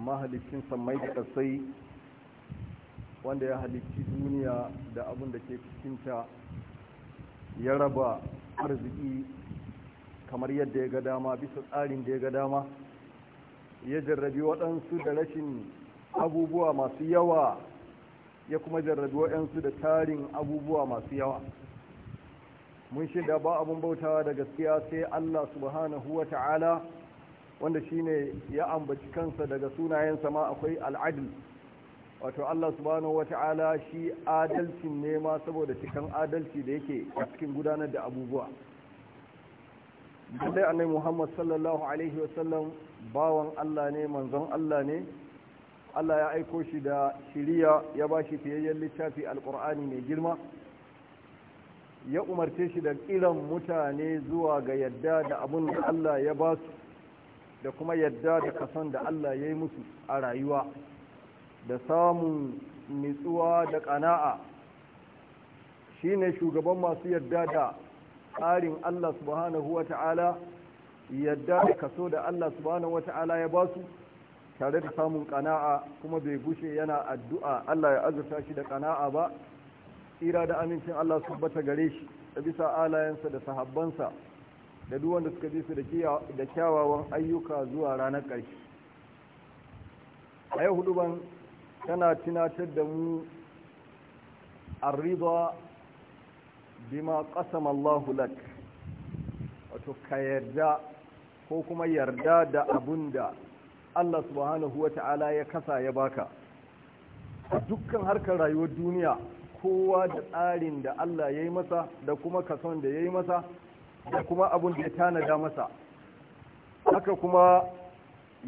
mahalicin samai da kasai wanda ya halicci duniya da abin da ke cikinta ya raba arziki kamar yadda ya ga dama bisa tsarin da ya ga dama ya jarrabi waɗansu da rashin abubuwa masu yawa ya kuma jarrabi waɗansu da tarin abubuwa masu yawa mun shida ba abin bautawa da gaskiya sai allah subhanahu wa ta'ala wanda shine ya ambaci kansa daga sunayensa ma akwai al'adil wato Allah subhanahu wata'ala shi adalcin ne ma saboda cikin adalci da yake a cikin gudanar da abubuwa dai annai Muhammad sallallahu alaihi wasallam bawan Allah ne manzon Allah ne Allah ya aiko shi da shiriya ya ba shi fiyayyen littafi alkur'ani mai girma ya umarce shi da kiran mutane zuwa ga yadda da abun da Allah ya ba su da kuma yadda da kasan da Allah ya yi musu a rayuwa da samun nitsuwa da ƙana'a shine shugaban masu yadda da tsarin Allah subhanahu wa ta'ala yadda da kaso da Allah subhanahu wa ta'ala ya ba su tare da samun ƙana'a kuma bai gushe yana addu'a Allah ya azurta shi da ƙana'a ba tsira da amincin Allah su bata gare shi da bisa alayensa da sahabbansa da duk wanda suka bi da kyawawan ayyuka zuwa ranar ƙarshe a yau ban tana tunatar da mu arriba bima ƙasam Allahu lak wato ka yarda ko kuma yarda da abun da Allah subhanahu ta'ala ya kasa ya baka dukkan harkar rayuwar duniya kowa da tsarin da Allah ya yi masa da kuma kason da ya yi masa da kuma abun da ya tanada masa haka kuma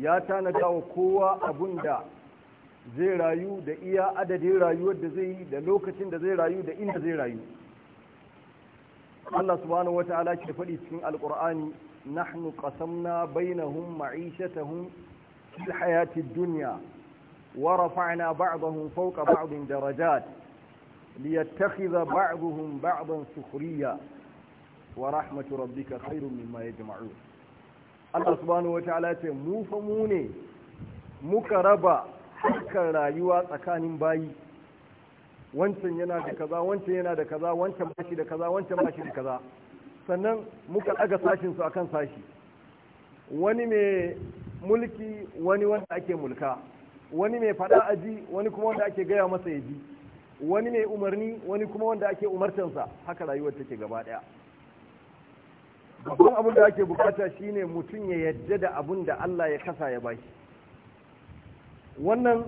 ya tanada wa kowa abun da zai rayu da iya adadin rayuwar da zai yi da lokacin da zai rayu da inda zai rayu Allah subhanahu wata'ala ke faɗi cikin alƙur'ani nahnu qasamna bainahum ma'ishatahum fil hayatid dunya wa rafa'na ba'dahum fawqa ba'din darajat liyattakhidha ba'dahum ba'dan sukhriya wa rahmatu rabbika khairun mimma yajma'un Allah subhanahu wataala ce mu fa mu ne muka raba harkar rayuwa tsakanin bayi wancan yana da kaza wancan yana da kaza wancan bashi da kaza wancan bashi da kaza sannan muka daga sashin su akan sashi wani mai mulki wani wanda ake mulka wani mai fada aji wani kuma wanda ake gaya masa ya ji wani mai umarni wani kuma wanda ake umartansa haka rayuwar take gaba daya babban abin da ake bukata shine mutum ya yadda da abin da Allah ya kasa ya bashi wannan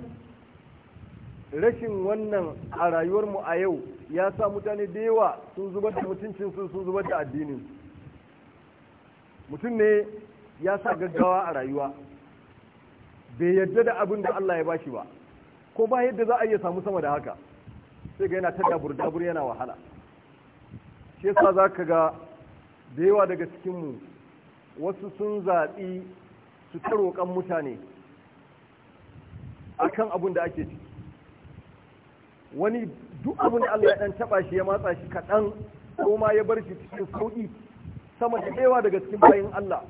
rashin wannan a rayuwarmu a yau ya sa mutane da yawa sun zubar da mutuncinsu sun zubar da addinin mutum ne ya sa gaggawa a rayuwa bai yadda da abin da Allah ya bashi ba ko ba yadda za a iya samu sama da haka sai ga yana ta dabur dabur yana wahala shi yasa za ka ga da yawa daga cikinmu wasu sun zaɓi su ta roƙon mutane a kan abin da ake ciki wani duk abin da Allah ya ɗan taɓa shi ya matsa shi kaɗan ko ma ya bar shi cikin sauƙi sama da yawa daga cikin bayan Allah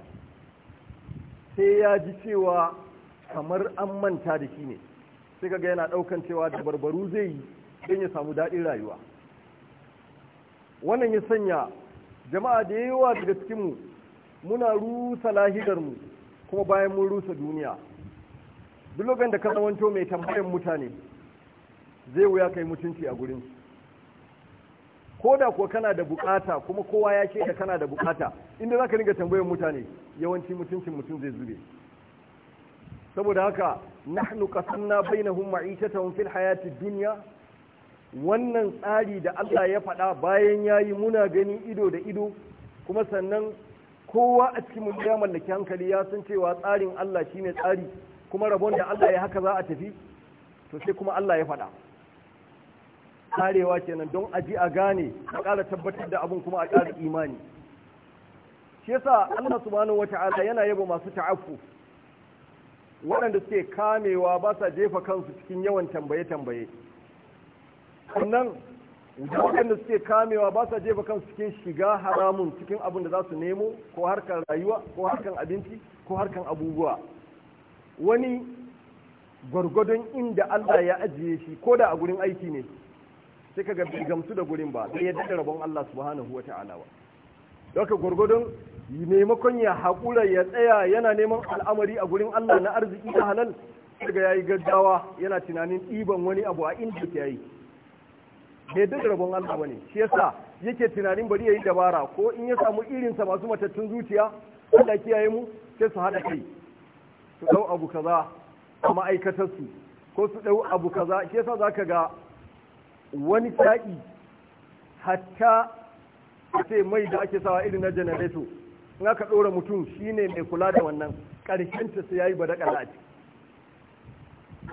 sai ya ji cewa kamar an manta da shi ne sai kaga yana ɗaukan cewa da barbaru zai yi don ya samu daɗin rayuwa wannan ya sanya jama'a da yawa daga cikinmu muna rusa lahidarmu kuma bayan mun rusa duniya dulogan da ka mai tambayan mutane zai wuya kai mutunci a gurin ko da kuwa kana da bukata kuma kowa ya ce da kana da bukata inda za ka ringa tambayan mutane yawanci mutuncin mutum zai zube saboda haka na nahnu qasamna bainahum ma'ishatahum fil hayati duniya. wannan tsari da Allah ya faɗa bayan ya yi muna gani ido da ido kuma sannan kowa a cikin mun ya mallaki hankali ya san cewa tsarin Allah shi ne tsari kuma rabon da Allah ya haka za a tafi to sai kuma Allah ya faɗa Tsarewa kenan don a ji a gane a ƙara tabbatar da abin kuma a ƙara imani shi yasa Allah subhanahu wata'ala yana yaba masu ta'affu waɗanda suke kamewa ba sa jefa kansu cikin yawan tambaye-tambaye sannan waɗanda suke kamewa ba sa jefa kansu cikin shiga haramun cikin abin da za su nemo ko harkar rayuwa ko harkar abinci ko harkar abubuwa wani gwargwadon inda Allah ya ajiye shi ko da a gurin aiki ne sai ka bai gamsu da gurin ba sai ya da rabon Allah subhanahu Ta'ala ba doka gwargwadon maimakon ya haƙura ya tsaya yana neman al'amari a gurin Allah na arziki da halal daga yi gaggawa yana tunanin ɗiban wani abu a inda yake yi bai duk rabon Allah bane shi yasa yake tunanin bari ya yi dabara ko in ya samu irinsa masu matattun zuciya Allah kiyaye mu sai su hada kai su dau abu kaza a ma'aikatar su ko su dau abu kaza shi yasa zaka ga wani sa'i hatta sai mai da ake sawa irin na janareto in aka dora mutum shine mai kula da wannan karshen ta sai yayi badakala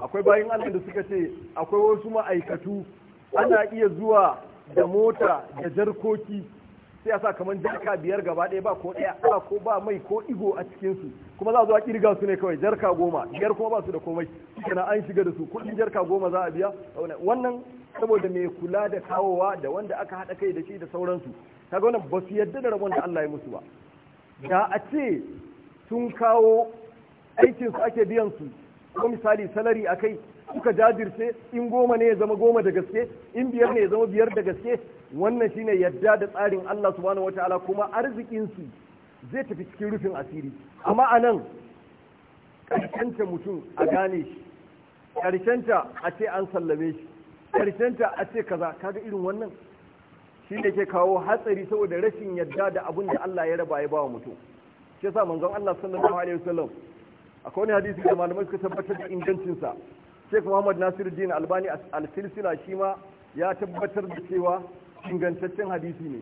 akwai bayan Allah da suka ce akwai wasu ma'aikatu ana iya zuwa da mota da jarkoki sai a sa kamar jarka biyar gaba ɗaya ba ko ɗaya ba ko ba mai ko igo a cikinsu kuma za a zo a kirga su ne kawai jarka goma biyar kuma ba su da komai kana an shiga da su kuɗin jarka goma za a biya wannan saboda mai kula da kawowa da wanda aka haɗa kai da shi da sauransu ta wannan ba su yadda da rabon da Allah ya musu ba da a ce sun kawo aikinsu ake biyan su ko misali salari a kai kuka jajirce in goma ne ya zama goma da gaske in biyar ne ya zama biyar da gaske wannan shine yadda da tsarin Allah subhanahu wataala kuma arzikin su zai tafi cikin rufin asiri amma anan karshenta mutum a gane shi karshenta a ce an sallame shi karshenta a ce kaza kaga irin wannan shi ne ke kawo hatsari saboda rashin yadda da abin da Allah ya raba ya ba wa mutum shi yasa manzon Allah sallallahu alaihi wasallam akwai wani hadisi da malamai suka tabbatar da ingancinsa sheikh muhammad nasiruddin albani al-silsila shi ma ya tabbatar da cewa ingantaccen hadisi ne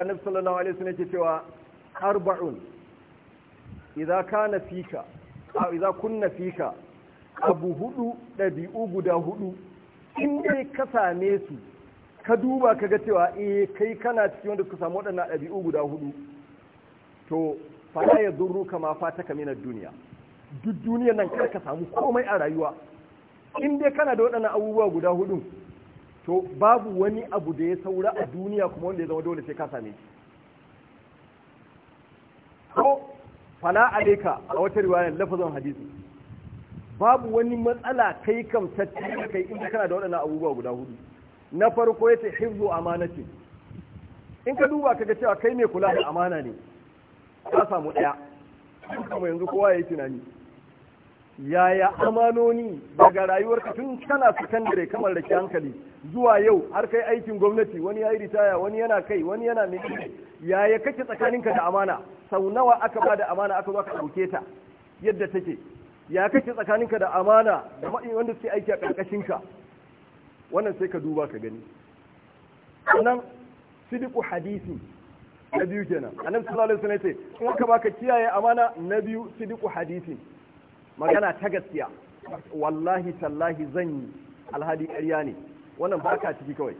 annabi sallallahu alaihi wasallam yake cewa arba'un idza kana fika aw idza kunna fika abu hudu dabi'u guda hudu in dai ka same su ka duba ka ga cewa eh kai kana cikin wanda suka samu waɗannan ɗabi'u guda hudu to fa ya zurru ma fataka ad duniya duk duniyar nan kar ka samu komai a rayuwa in dai kana da waɗannan abubuwa guda hudun to babu wani abu da ya saura a duniya kuma wanda ya zama dole sai ka same shi ko fala alaika a wata riwaya lafazin hadisi babu wani matsala kai kam tatti kai in kana da waɗannan abubuwa guda hudu na farko yace hifzu amanati in ka duba kaga cewa kai mai kula da amana ne ka samu ɗaya kuma yanzu kowa yayi tunani yaya amanoni daga ka tun kana sakandare kamar da ke hankali zuwa yau har kai aikin gwamnati wani ya yi ritaya wani yana kai wani yana mai yaya kake tsakaninka da amana sau nawa aka ba da amana aka zo ka ɗauke ta yadda take ya kake tsakaninka da amana da ma'in wanda suke aiki a ƙarƙashinka wannan sai ka duba ka gani sannan sidiku hadisi na biyu kenan annabi sallallahu alaihi wasallam ya ce in aka baka kiyaye amana na biyu sidiku hadisi magana ta gaskiya wallahi tallahi zan yi alhali ƙarya ne wannan ba ka ciki kawai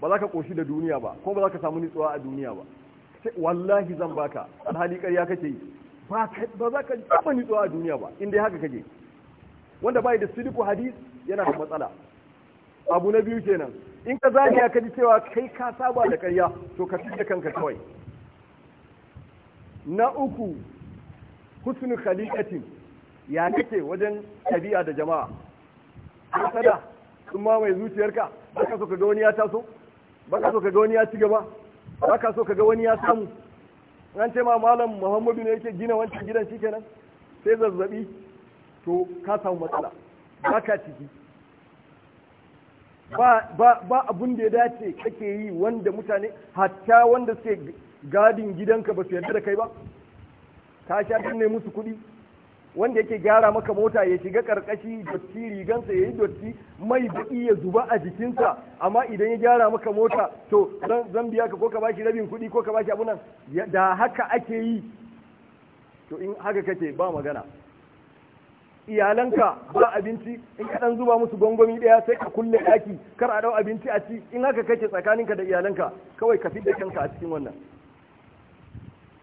ba za ka ƙoshi da duniya ba kuma ba za ka samu nutsuwa a duniya ba wallahi zan ba ka. alhali ƙarya kake yi ba za ka taɓa nutsuwa a duniya ba inda haka kake wanda bai da sidiku hadis yana da matsala abu na biyu kenan in ka zagaya ka ji cewa kai ka saba da ƙarya to ka da kanka kawai na uku husnul khaliqatin ya kake wajen tabi'a da jama'a tsada sun mai zuciyarka ba ka so ka ga wani ya taso ba ka so ka ga wani ya ci gaba ba ka so ka ga wani ya samu an ce ma malam muhammadu ne yake gina wancan gidan shi sai zazzabi to ka samu matsala ba ka ciki ba abun da ya dace kake yi wanda mutane hatta wanda suke gadin gidanka ba su yarda da kai ba ka sha ne musu kuɗi wanda yake gyara maka mota ya shiga karkashi dotti rigansa ya yi dotti mai baƙi ya zuba a jikinsa amma idan ya gyara maka mota to zan biya ka ko ka bashi rabin kuɗi ko ka bashi abunan da haka ake yi to in haka kake ba magana iyalanka ba abinci in ka dan zuba musu gongomi daya sai ka kulle daki kar a dau abinci a ci in haka kake tsakaninka da iyalanka kawai ka fi fidda kanka a cikin wannan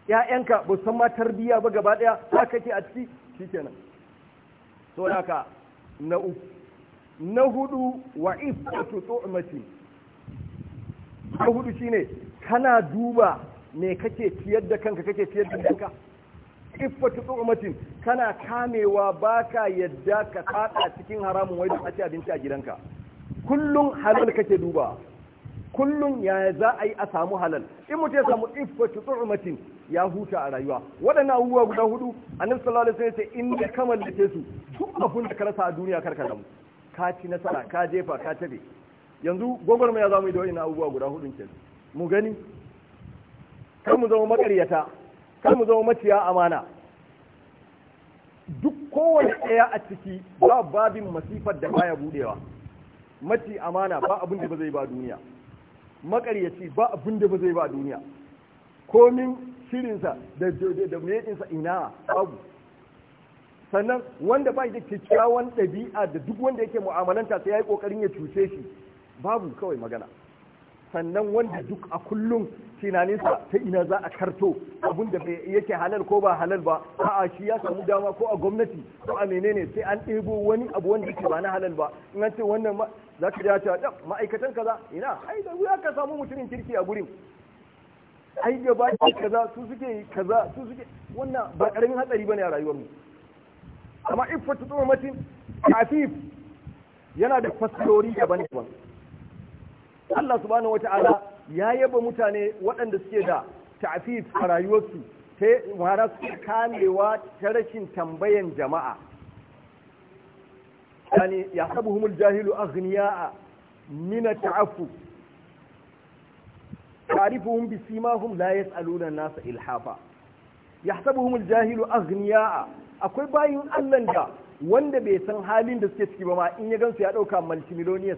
ya'yanka ba san ma tarbiyya ba gaba daya haka kake a ciki kenan so haka na uku na hudu wa ifatu tu'mati na hudu shine kana duba me kake ciyar da kanka kake ciyar da kanka iffatu tu'mati kana kamewa baka yadda ka tsada cikin haramun wai da kace abinci a gidanka kullun halal kake duba kullun yaya za a yi a samu halal in mutum ya samu iffatu tu'mati ya huta a rayuwa waɗannan abubuwa guda hudu annabi sallallahu alaihi wasallam ce inda da kamar su duk abin da ka rasa a duniya karka damu ka ci nasara ka jefa ka tabe yanzu gwagwarmaya za mu yi da waɗannan abubuwa guda hudun ke mu gani kar mu zama makaryata kar mu zama maciya amana duk kowane ɗaya a ciki ba babin masifar da baya budewa maci amana ba abin da ba zai ba duniya makaryaci ba abin da ba zai ba duniya komin shirinsa da da ina babu sannan wanda ba da kyakkyawan ɗabi'a da duk wanda yake mu'amalanta sai ya yi ƙoƙarin ya cuce shi babu kawai magana sannan wanda duk a kullum tunaninsa ta ina za a karto abin da yake halal ko ba halal ba a'a shi ya samu dama ko a gwamnati ko a menene sai an ɗebo wani abu wanda yake ba na halal ba in an ce wannan za ka ta ma'aikatan kaza ina ai da wuya ka samu mutumin kirki a gurin ai gaba kaza su suke kaza su suke wannan ba karamin hatsari bane a rayuwar mu amma iffatu tsomatin kafif yana da fassarori daban-daban Allah subhanahu wata'ala ya yaba mutane waɗanda suke da ta'fif a rayuwarsu ta mara su kamewa ta rashin tambayan jama'a yani ya sabuhumul jahilu aghniya'a min ta'affu تعرفهم بسيماهم لا يسألون الناس إلحافا يحسبهم الجاهل أغنياء akwai bayin ألن da wanda bai san halin da suke ciki ba ma in ya gansu ya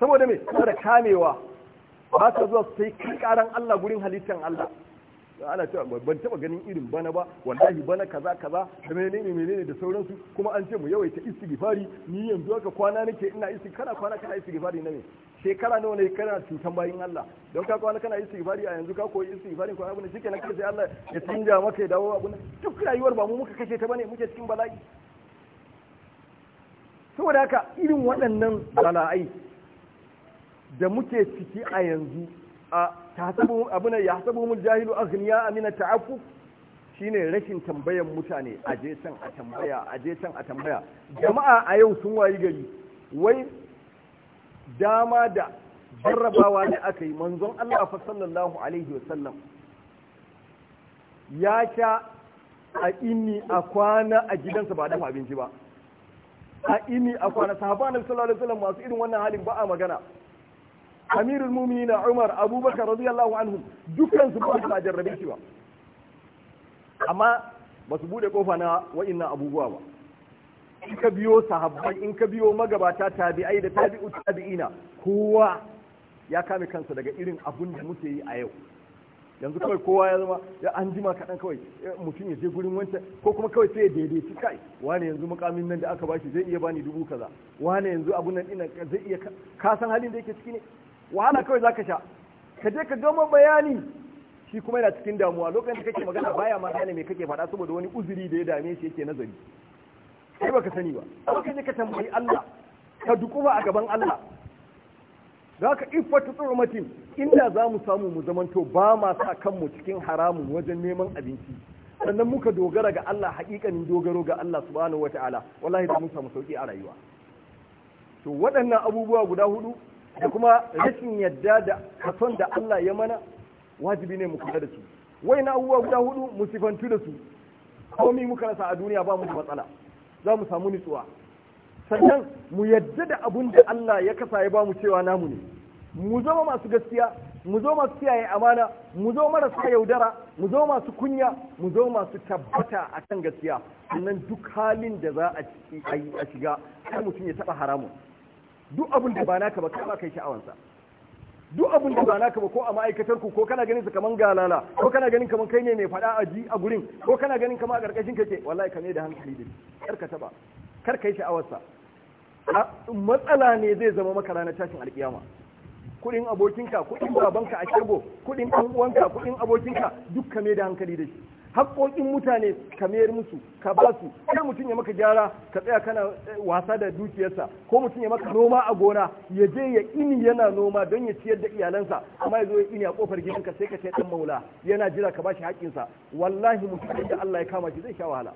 سمو دمي ne saboda me saboda kamewa ba sa zuwa su kai Allah gurin halittar Allah ana cewa ban taba ganin irin bana ba wallahi bana kaza kaza da menene menene da sauransu kuma an ce mu yawaita istighfari ni yanzu haka kwana nake ina istighfari kana kwana kana istighfari na me shekara nawa ne kana cutan bayin Allah don ka kwana kana istighfari a yanzu ka koyi istighfari ko abin shike na kace Allah ya tinja maka ya dawo abin duk rayuwar ba mu muka kashe ta bane muke cikin bala'i saboda haka irin waɗannan bala'ai da muke ciki a yanzu a tasabu abuna ya sabu mul jahilu aghniya amina ta'affuf shine rashin tambayan mutane aje can a tambaya aje can a tambaya jama'a a yau sun wayi gari wai dama da jarrabawa ne aka yi manzon Allah fa sallallahu alaihi wasallam ya sha a inni a kwana a gidansa ba dafa abinci ba a inni a kwana sahaba na sallallahu alaihi wasallam masu irin wannan halin ba a magana amirul muminin umar abubakar radiyallahu anhu dukkan su ba jarrabe shi ba amma ba su bude kofa na wa'annan abubuwa ba in ka biyo sahabbai in ka biyo magabata tabi'ai da tabi'u tabi'ina kowa ya kame kansa daga irin abun da muke yi a yau yanzu kawai kowa ya zama ya an jima kaɗan kawai mutum ya je gurin wancan ko kuma kawai sai ya daidaici kai wane yanzu mukamin nan da aka bashi zai iya bani dubu kaza wane yanzu abun nan ina zai iya ka san halin da yake ciki ne wahala kawai zaka sha ka je ka gama bayani shi kuma yana cikin damuwa lokacin da kake magana baya ma gane me kake faɗa saboda wani uzuri da ya dame shi yake nazari kai baka sani ba amma ka ne ka tambayi Allah ka dukuma a gaban Allah za ka iffatu tsurmatin inda za mu samu mu zamanto ba ma sa kanmu cikin haramun wajen neman abinci sannan muka dogara ga Allah haƙiƙanin dogaro ga Allah subhanahu wa wala wallahi da mu samu sauki a rayuwa to waɗannan abubuwa guda hudu da kuma rashin yadda da kason da Allah ya mana wajibi ne mu kula da su waina abubuwa guda hudu mu sifantu da su komi muka rasa a duniya ba mu da matsala za mu samu nutsuwa sannan mu yadda da abun da Allah ya kasa ya bamu cewa namu ne mu zama masu gaskiya mu zo masu kiyaye amana mu zo marasa yaudara mu zo masu kunya mu zo masu tabbata a kan gaskiya sannan duk halin da za a shiga kar mutum ya taɓa haramun duk abin da ba naka ba kai ba kai sha'awansa duk abin da ba naka ba ko a ma'aikatar ku ko kana ganin su kaman galala ko kana ganin kaman kai ne mai fada a ji a gurin ko kana ganin kaman a karkashin kake wallahi ka ne da hankali da kar taba kar kai sha'awar sa matsala ne zai zama maka ranar tashin alkiyama kudin abokinka kudin babanka a kirgo kudin dan uwanka kudin abokinka duk ka da hankali da shi haƙoƙin mutane ka mayar musu ka ba su kai mutum ya maka gyara ka tsaya kana eh, wasa da dukiyarsa ko mutum ya maka noma a gona ya je ya ini yana noma don ya ciyar da iyalansa amma ya zo ya ini a kofar ka sai ka ce dan maula yana jira ka bashi haƙƙinsa wallahi mutum da Allah ya kama shi zai sha wahala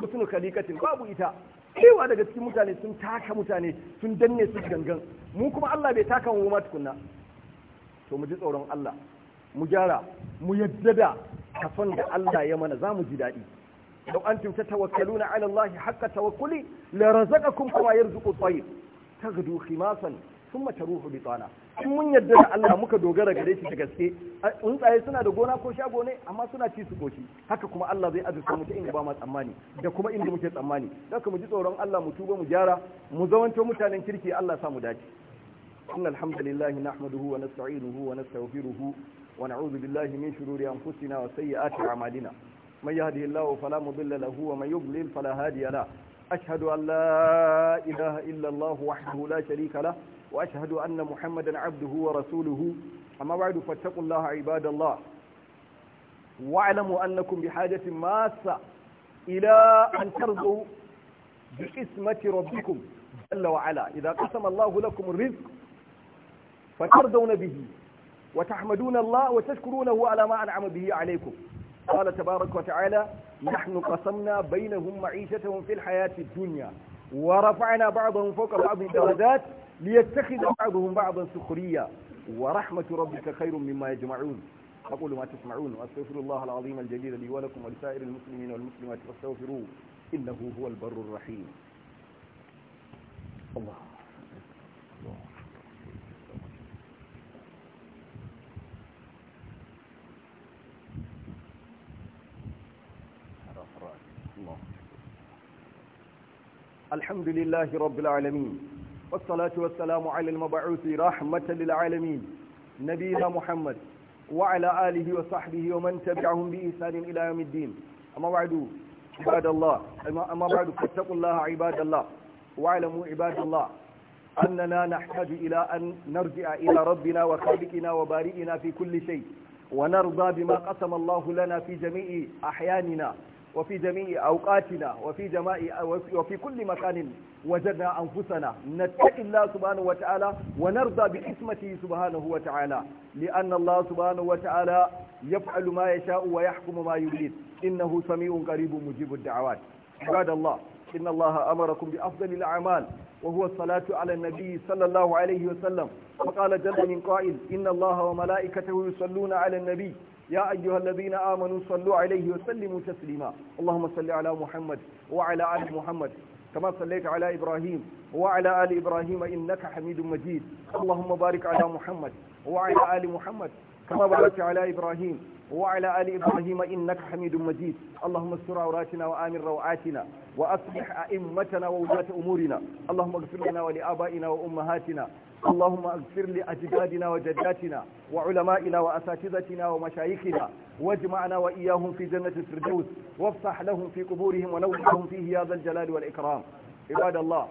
mutum kalikatin babu ita cewa daga cikin mutane sun taka mutane sun danne su gangan mu kuma Allah bai taka mu ma tukunna to mu ji tsoron Allah mu gyara mu yadda da kafan da Allah ya mana za mu ji daɗi lau an tumta tawakkaluna ala Allah haqqa tawakkuli la razaqakum kama yarzuqu at-tayr taghdu khimasan thumma taruhu bitana in mun yarda da Allah muka dogara gare shi da gaske tsuntsaye suna da gona ko shago ne amma suna ci su koshi haka kuma Allah zai azurta mu ta inda ba mu tsammani da kuma inda muke tsammani haka mu ji tsoron Allah mu tuba mu gyara mu zawanto mutanen kirki Allah sa mu dace إن الحمد لله نحمده ونستعينه ونستغفره ونعوذ بالله من شرور أنفسنا وسيئات أعمالنا من يهده الله فلا مضل له ومن يضلل فلا هادي له أشهد أن لا إله إلا الله وحده لا شريك له وأشهد أن محمدا عبده ورسوله أما بعد فاتقوا الله عباد الله واعلموا أنكم بحاجة ماسة إلى أن ترضوا باسمة ربكم جل وعلا إذا قسم الله لكم الرزق فترضون به وتحمدون الله وتشكرونه على ما أنعم به عليكم قال تبارك وتعالى نحن قسمنا بينهم معيشتهم في الحياة الدنيا ورفعنا بعضهم فوق بعض درجات ليتخذ بعضهم بعضا سخريا ورحمة ربك خير مما يجمعون أقول ما تسمعون وأستغفر الله العظيم الجليل لي ولكم ولسائر المسلمين والمسلمات فاستغفروه إنه هو البر الرحيم الله الحمد لله رب العالمين والصلاة والسلام على المبعوث رحمة للعالمين نبينا محمد وعلى آله وصحبه ومن تبعهم بإحسان إلى يوم الدين أما بعد عباد الله أما بعد فاتقوا الله عباد الله واعلموا عباد الله أننا نحتاج إلى أن نرجع إلى ربنا وخالقنا وبارئنا في كل شيء ونرضى بما قسم الله لنا في جميع أحياننا وفي جميع أوقاتنا وفي, جماع وفي كل مكان وجدنا أنفسنا نتقي الله سبحانه وتعالى ونرضى باسمه سبحانه وتعالى لأن الله سبحانه وتعالى يفعل ما يشاء ويحكم ما يريد إنه سميع قريب مجيب الدعوات عباد الله إن الله أمركم بأفضل الأعمال وهو الصلاة على النبي صلى الله عليه وسلم وقال جل من قائل إن الله وملائكته يصلون على النبي يا أيها الذين آمنوا صلوا عليه وسلموا تسليما اللهم صل على محمد وعلى آل محمد كما صليت على إبراهيم وعلى آل إبراهيم إنك حميد مجيد اللهم بارك على محمد وعلى آل محمد كما باركت على إبراهيم وعلى آل إبراهيم إنك حميد مجيد اللهم استر عوراتنا وآمن روعاتنا وأصلح أئمتنا وولاة أمورنا اللهم اغفر لنا ولآبائنا وأمهاتنا اللهم اغفر لأجدادنا وجداتنا وعلمائنا وأساتذتنا ومشايخنا واجمعنا وإياهم في جنة الفردوس وافصح لهم في قبورهم ونور لهم فيه يا ذا الجلال والإكرام عباد الله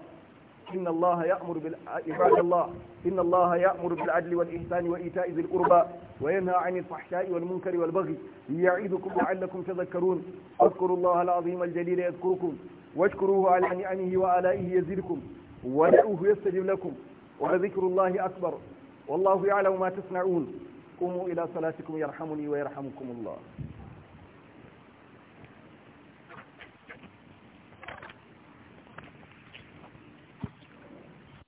إن الله يأمر بال... عباد الله إن الله يأمر بالعدل والإحسان وإيتاء ذي القربى وينهى عن الفحشاء والمنكر والبغي يعيدكم لعلكم تذكرون اذكروا الله العظيم الجليل يذكركم واشكروه على نعمه وآلائه يزدكم ودعوه يستجب لكم ولذكر الله أكبر والله يعلم ما تصنعون قوموا إلى صلاتكم يرحمني ويرحمكم الله